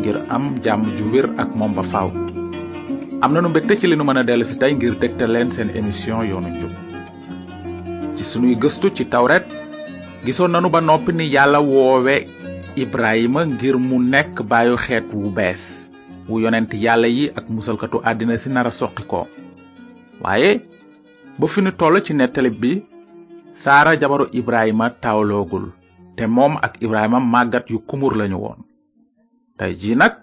ngir am jàmm ju wér ak moom ba faaw am nanu mbégte ci li nu mën a dellu si tey ngir dégte leen seen émission yoonu njub ci sunuy gëstu ci tawret gisoon nanu ba noppi ni yàlla woowe ibrahima ngir mu nekk baayu xeet wu bees wu yonent yàlla yi ak musalkatu àddina si nar a soqi ko waaye ba fi nu toll ci nettali bi saara jabaru ibrahima taawloogul te moom ak ibrahima màggat yu kumur lañu woon tey jii nag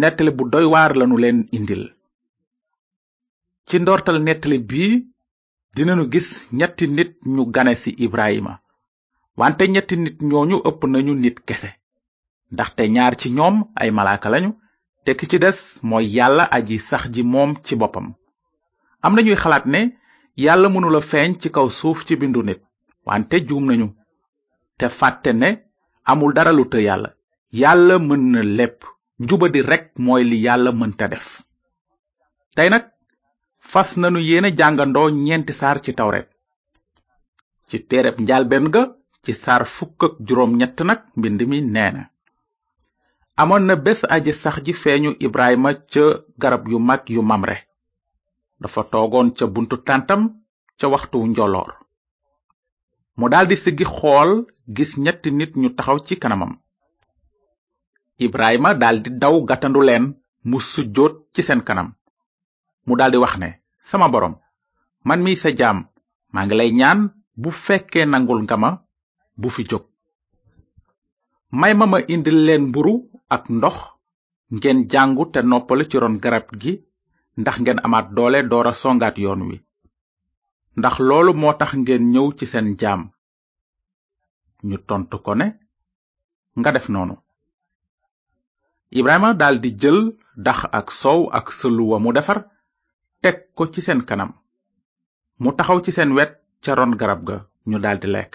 nettali bu doy waar lanu leen indil ci ndortal nettali bii dinanu gis ñetti nit ñu gane ci ibrahima wante ñetti nit ñooñu ëpp nañu nit kese ndaxte ñaar ci ñoom ay malaaka lañu te ki ci des mooy yàlla aji sax ji moom ci boppam am nañuy xalaat ne yàlla mënula feeñ ci kaw suuf ci bindu nit wante juum nañu te fàtte ne amul dara lu të yàlla yàlla mën na lépp njuba di rekk mooy li yàlla mënta def tey nag fas nanu yéene jàngandoo ñeenti saar ci tawret ci téereb njaalbeen ga ci saar fukk ak juróom ñett nag mbind mi nee amoon na bés aji sax ji feeñu ibrahima ca garab yu mag yu mamre dafa toogoon ca buntu tàntam ca waxtu njoloor mu daldi siggi xool gis ñetti nit ñu taxaw ci kanamam ibrahima daldi daw gàttandu leen mu sujjóot ci seen kanam mu daldi wax ne sama boroom man mi sa jaam maa ngi lay ñaan bu fekkee nangul nga ma bu fi jóg may ma ma indil leen mburu ak ndox ngeen jàngu te noppalu ci ron garab gi ndax ngeen amaat doole doora songaat yoon wi ndax loolu moo tax ngeen ñëw ci seen jaam ñu tontu ko ne nga def noonu ibrahima daldi jël dax ak soow ak sëluwa mu defar teg ko ci seen kanam mu taxaw ci seen wet ca ron garab ga ñu daldi lekk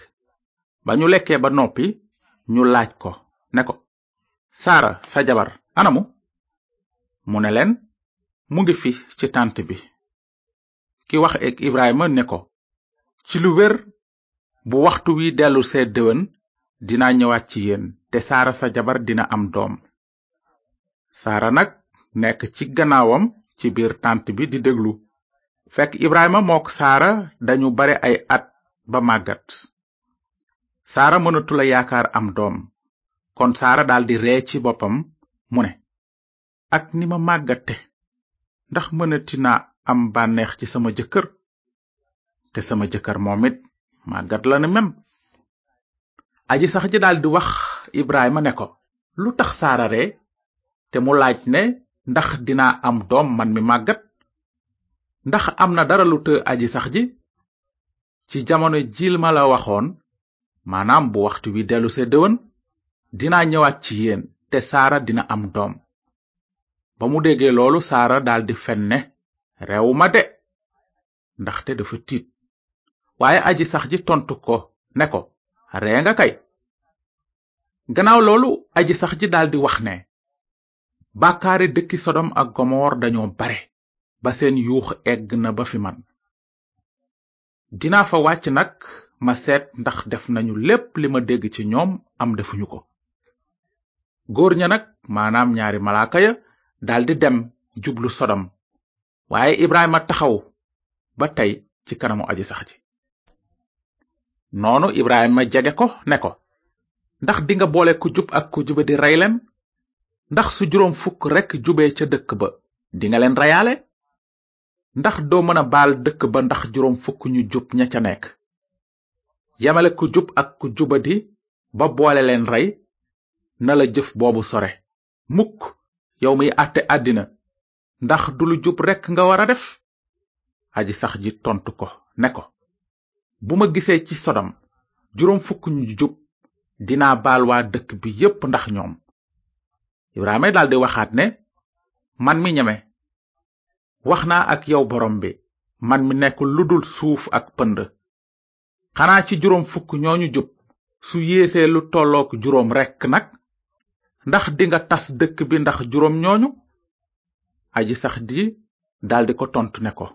ba ñu lekkee ba noppi ñu laaj ko ne ko saara sa jabar anamu mu ne leen mu ngi fi ci tànt bi ki wax ak ibrahima ne ko ci lu wér bu waxtu wi dellu see déwén dina ñëwaat ci yéen te saara sa jabar dina am doom saara nag nekk ci gannaawam ci biir tànt bi di déglu fekk ibrahima mook saara dañu bare ay at ba màggat saara mënatula yaakaar am doom kon saara daldi ree ci boppam mu ne ak ni ma màggate ndax mënati na am bànneex ci sama jëkkër te sama jëkkër moom it màggat la ne mem aji sax ji daldi wax ibrahima ne ko lu tax saara ree te mu laaj ne ndax dinaa am doom man mi màggat ndax am na dara lu të aji sax ji ci jamono jiil ma la waxoon maanaam bu waxtu wi dellu see dëwën dinaa ñëwaat ci yéen te saara dina am doom ba mu déggee loolu saara daldi fen ne reewuma de ndaxte dafa tiit waaye aji sax ji tontu ko ne ko ree nga kay gannaaw loolu aji sax ji daldi wax ne bàkkaari dëkki sodom ak gomor dañoo bare ba seen yuux egg na ba fi man dinaa fa wàcc nag ma seet ndax def nañu lépp li ma dégg ci ñoom am defuñu ko góor ña nag maanaam ñaari malaaka ya daldi dem jublu sodom waaye ibrahima taxaw ba tey ci kanamu aji sax ji noonu ibrahima jege ko ne ko ndax dinga boole ku jub ak ku jube di rey leen ndax su juróom fukk rekk jubee ca dëkk ba dinga leen reyaale ndax doo mën a baal dëkk ba ndax juróom fukk ñu jub ña ca nekk yamale ku jub ak ku jubadi ba boole leen rey na la jëf boobu sore mukk yow miy àtte àddina ndax du jub rekk nga war a def aji sax ji tontu ko ne ko bu ma gisee ci sodom juróom fukk ñu jub dinaa baal waa dëkk bi yépp ndax ñoom Ibrahima daldi waxaat ne man mi ñeme wax naa ak yow borom bi man mi nekk lu dul suuf ak pënd xanaa ci juróom fukk ñooñu jub su yéesee lu tollook juróom rekk nag ndax dinga tas dëkk bi ndax juróom ñooñu aji sax di daldi ko tontu ne ko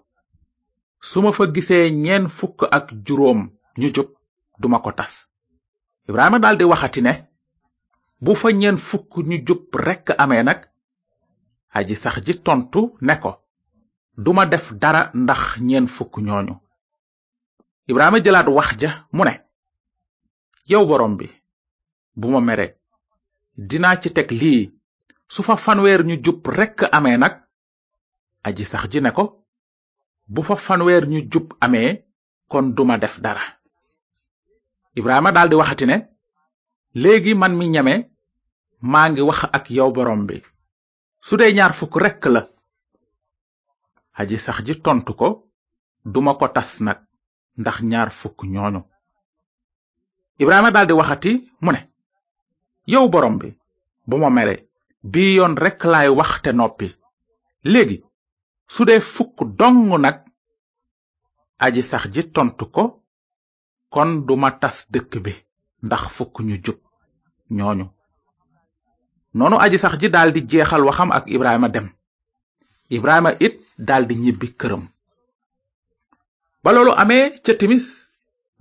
su ma fa gisee ñeen fukk ak juróom ñu jub duma ko tas Ibrahima daldi waxati ne bu fa ñeen fukk ñu jub rekk amee nag aji sax ji tontu ne ko duma def dara ndax ñeen fukk ñooñu ibrahima jëlaat wax ja mu ne yow borom bi bu ma mere dinaa ci teg lii su fa fanweer ñu jub rekk amee nag aji sax ji ne ko bu fa fanweer ñu jub ame kon duma def dara ibrahima daldi waxati ne léegi man mi ñeme maa ngi wax ak yow borom bi su dee ñaar fukk rekk la aji sax ji tontu ko duma ko tas nag ndax ñaar fukk ñooñu ibrahima daldi waxati mu ne yow borom bi bu ma mere bii yoon rekk laay wax te noppi léegi su dee fukk dong nag aji sax ji tontu ko kon duma tas dëkk bi ndax fukk ñu jub ñooñu noonu aji sax ji daldi jeexal waxam ak ibrahima dem ibrahima it daldi ñibbi këram ba loolu amee ca timis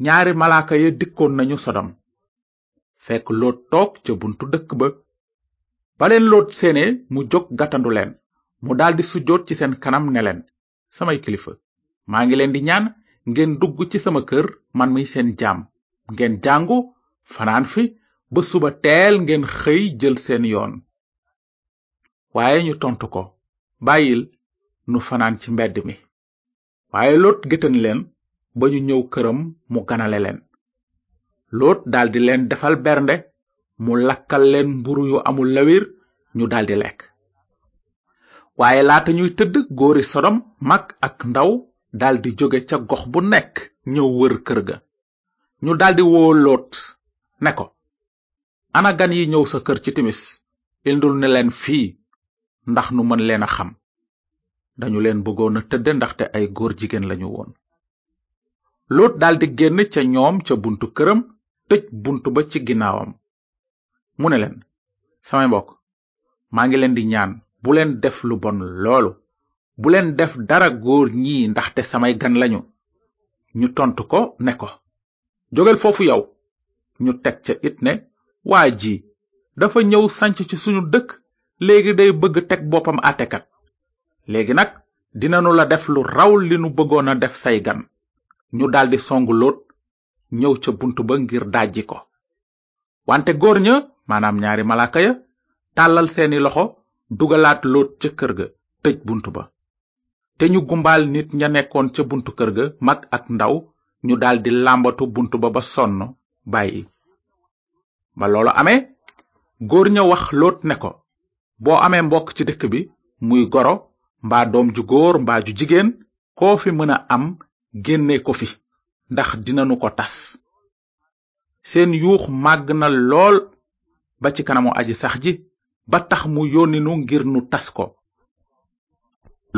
ñaari malaaka ya dikkoon nañu sodom fekk loot toog ca buntu dëkk ba baleen loot seene mu jóg gàttandu leen mu daldi sujjoot ci seen kanam ne leen samay kilifa maa ngi leen di ñaan ngeen dugg ci sama kër man mi seen jaam ngeen jàngu fanaan fi ba suba teel ngeen xëy jël seen yoon waaye ñu tontu ko bàyyil nu fanaan ci mbedd mi waaye lot gétan leen ba ñu ñëw këram mu ganale leen lot daldi leen defal bernde mu lakkal leen mburu yu amul lawir ñu daldi lekk waaye laata ñuy tëdd góori sodom mag ak ndaw daldi jóge ca gox bu nekk ñëw wër kër ga ñu daldi woo lot ne ko ana gan yi ñëw sa kër ci timis indul na leen fii ndax nu mën leen a xam dañu leen bëggoon a tëdde ndaxte ay góor jigéen lañu woon loot daldi génn ca ñoom ca buntu këram tëj buntu ba ci ginnaawam mu ne leen samay mbokk maa ngi leen di ñaan bu leen def lu bon loolu bu leen def dara góor ñii ndaxte samay gan lañu ñu tontu ko ne ko jógal foofu yow ñu teg ca it ne waa ji dafa ñëw sanc ci suñu dëkk léegi day bëgg teg boppam atekat léegi nag dinanu la def lu raw li nu bëggoon a def say gan ñu daldi song lóot ñëw ca bunt ba ngir dajji ko wante góor ña maanaam ñaari malaaka ya tàllal seeni loxo dugalaat lóot ca kër ga tëj bunt ba te ñu gumbaal nit ña nekkoon ca buntu kër ga mag ak ndaw ñu daldi làmbatu bunt ba ba sonn bàyyi ba loolu amee góor ña wax loot ne ko boo amee mbokk ci dëkk bi muy goro mbaa doom ju góor mbaa ju jigéen koo fi mën a am génne ko fi ndax dinanu ko tas seen yuux màgg na lool ba ci kanamu aji sax ji ba tax mu yónni nu ngir nu tas ko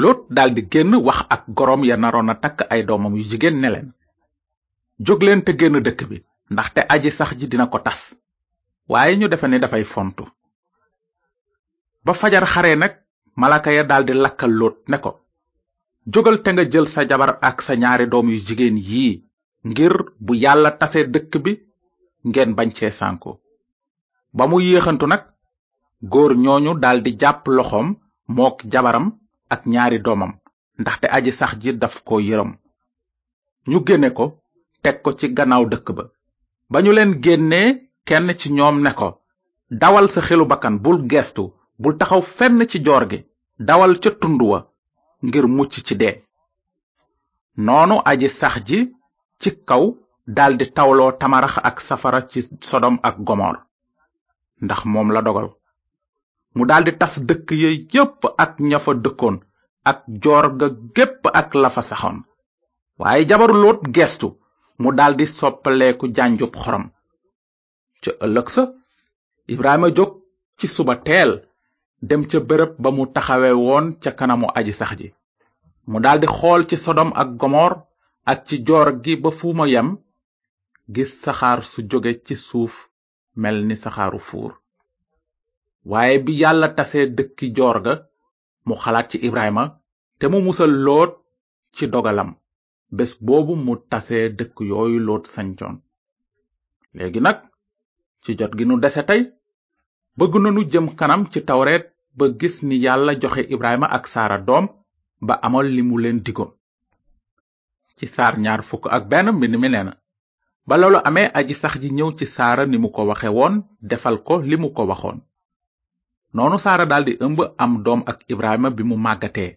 lot daldi génn wax ak goroom ya naroon a takk ay doomam yu jigéen ne leen te génn dëkk bi ndaxte aji sax ji dina ko tas waaye ñu defe ne dafay fontu ba fajar xare nag malaka ya daldi lakkal lóot ne ko jógal te nga jël sa jabar ak sa ñaari doom yu jigéen yii ngir bu yàlla tasee dëkk bi ngeen bañ cee sànku ba mu yéexantu nag góor ñooñu daldi jàpp loxoom mook jabaram ak ñaari doomam ndaxte aji sax ji daf ko yërëm ñu génne ko teg ko ci gannaaw dëkk ba ba ñu leen génnee kenn ci ñoom ne ko dawal sa xelu bakkan bul gestu bul taxaw fenn ci joor gi dawal ca tund wa ngir mucc ci dee noonu aji sax ji ci kaw daldi tawloo tamarax ak safara ci sodom ak gomor ndax moom la dogal mu daldi tas dëkk ya yépp ak ña fa dëkkoon ak joor ga gépp ak la fa saxoon waaye jabaru loot gestu mu daldi soppaleku jànjub xorom ca ëllëg sa ibrahima jóg ci suba teel dem ca bërëb ba mu taxawe woon ca kanamu aji sax ji mu daldi xool ci sodom ak gomor ak ci joor gi ba fu ma yem gis saxaar su jóge ci suuf mel ni saxaaru fuur waaye bi yàlla tasee dëkki joor ga mu xalaat ci ibrahima te mu musal loot ci dogalam bés boobu mu tasee dëkk yooyu loot sancoon léegi nag ci jot gi nu dese tey bëgg na nanu jëm kanam ci tawreet ba gis ni yàlla joxe ibrahima ak saara doom ba amoon li mu leen digoon ci saar ñaar fukk ak benn mbind mi nee na ba loolu amee aji sax ji ñëw ci saara ni mu ko waxe woon defal ko li mu ko waxoon noonu saara daldi ëmb am doom ak ibrahima bi mu màggatee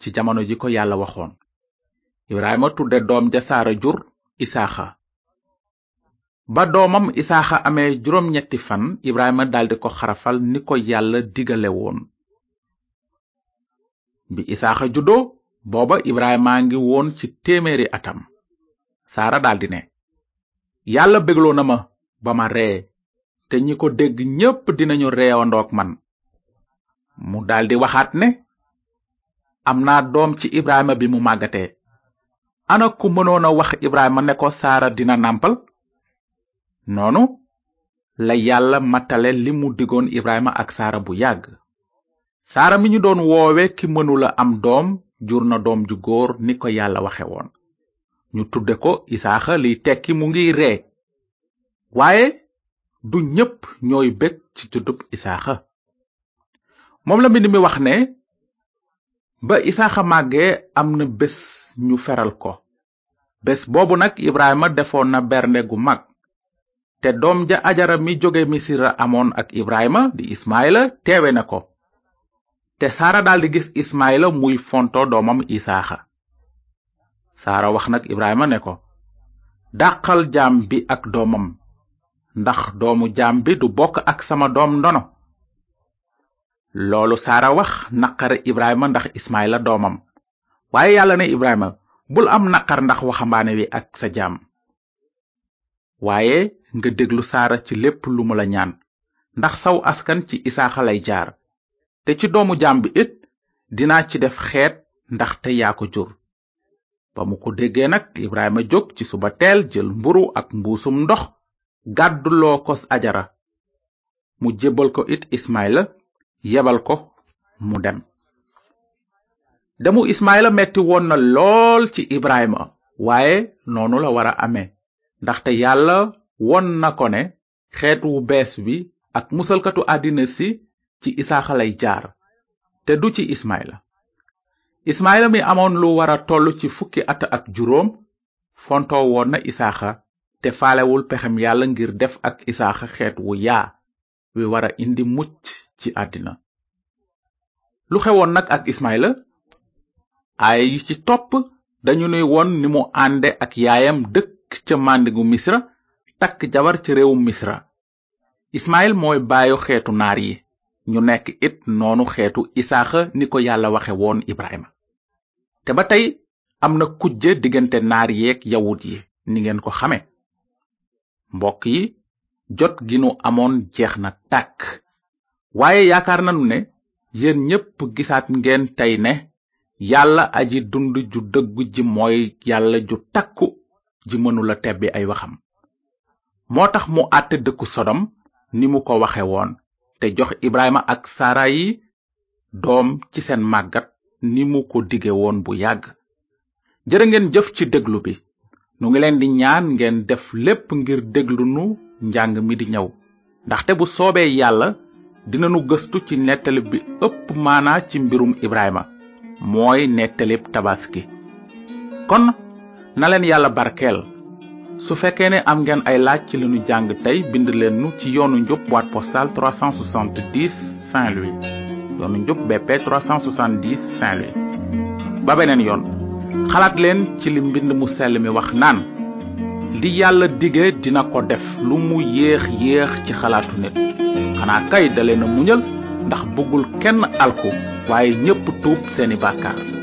ci jamono ji ko yàlla waxoon ibrahima doom ja saara ba doomam isaaxa amee juróom fan ibrahima daldi ko xarafal ni ko yàlla digale woon bi isaaxa juddoo booba ibrahima ngi woon ci téeméeri atam saara daldi ne yàlla bégloo na ma ba ma ree te ñi ko dégg ñépp dinañu reewandoog man mu daldi waxaat ne am naa doom ci ibrahima bi mu màggatee ana ku mënoon a wax Ibrahima ne ko Saara dina nàmpal noonu la yàlla matale limu mu Ibrahima ak Saara bu yàgg Saara mi ñu doon woowe ki mënula am doom jur na doom ju góor ni ko yàlla waxe woon ñu tudde ko Isaaxa liy tekki mu ngi ree waaye du ñépp ñooy bég ci juddub Isaaxa moom la mbind mi wax ne ba Isaaxa màggee am na bés ñu feral ko bés boobu nag ibrahima defoon na bernde gu mag te doom ja ajara mi jóge misira amoon ak ibrahima di ismaila teewe na ko te saara daldi gis ismaila muy fonto doomam isaaxa saara wax nag ibrahima ne ko dàqal jaam bi ak doomam ndax doomu jaam bi du bokk ak sama doom ndono loolu sara wax naqare ibrahima ndax ismaila doomam waaye yàlla na Ibrahima bul am naqar ndax waxambaane wi ak sa jaam waaye nga déglu saara ci lépp lu mu la ñaan ndax saw askan ci isaaxa lay jaar te ci doomu jaam bi it dinaa ci def xeet ndaxte yaa ko jur ba mu ko déggee nag Ibrahima jóg ci suba teel jël mburu ak mbuusum ndox gàdduloo ko ajara mu jébbal ko it Ismaila yebal ko mu dem damu ismaila metti woon na lool ci ibrahima waaye noonu la war a amee ndaxte yàlla won na ko ne xeet wu bees bi ak musalkatu àddina si ci isaaxa lay jaar te du ci ismaila ismaila mi amoon lu wara a toll ci fukki at ak juróom fontoo woon na isaaxa te faalewul pexem yàlla ngir def ak isaaxa xeet wu yaa wi wara indi mucc ci àddina lu xewoon nag ak ismaila ay yi ci topp dañu nuy won ni mu ànde ak yaayam dëkk ca màndigu misra takk jabar ci réewu misra ismael mooy baayu xeetu naar yi ñu nekk it noonu xeetu isaaxa ni ko yàlla waxe woon ibrahima te ba tey am na kujje diggante naar yeeg yawut yi ningeen ko xame mbokk yi jot gi nu amoon jeex na tàkk waaye yaakaar nanu ne yéen ñépp gisaat ngeen tey ne yàlla aji dund ju dëggu ji mooy yàlla ju takku ji mënula tebbi ay waxam moo tax mu àtte dëkku sodom ni mu ko waxe woon te jox ibrahima ak sara yi doom ci seen màggat ni mu ko dige woon bu yàgg jërë ngeen jëf ci déglu bi nu ngi leen di ñaan ngeen def lépp ngir déglu nu njàng mi di ñëw ndaxte bu soobee yàlla dinanu gëstu ci nettali bi ëpp maanaa ci mbirum ibrahima mooy nettalib tabaski kon na leen yàlla barkeel su fekkee ne am ngeen ay laaj ci li jàng tey bind leen ci yoonu njub boîte postale 370 Saint-Louis yoonu njub BP 370 Saint-Louis ba beneen yoon xalaat leen ci li mbind mu sell mi wax naan li yàlla dige dina ko def lu mu yéex yéex ci xalaatu nit xanaa kay da leen a muñal ndax bëggul kenn alku waaye ñëpp tuub seeni bàkkaar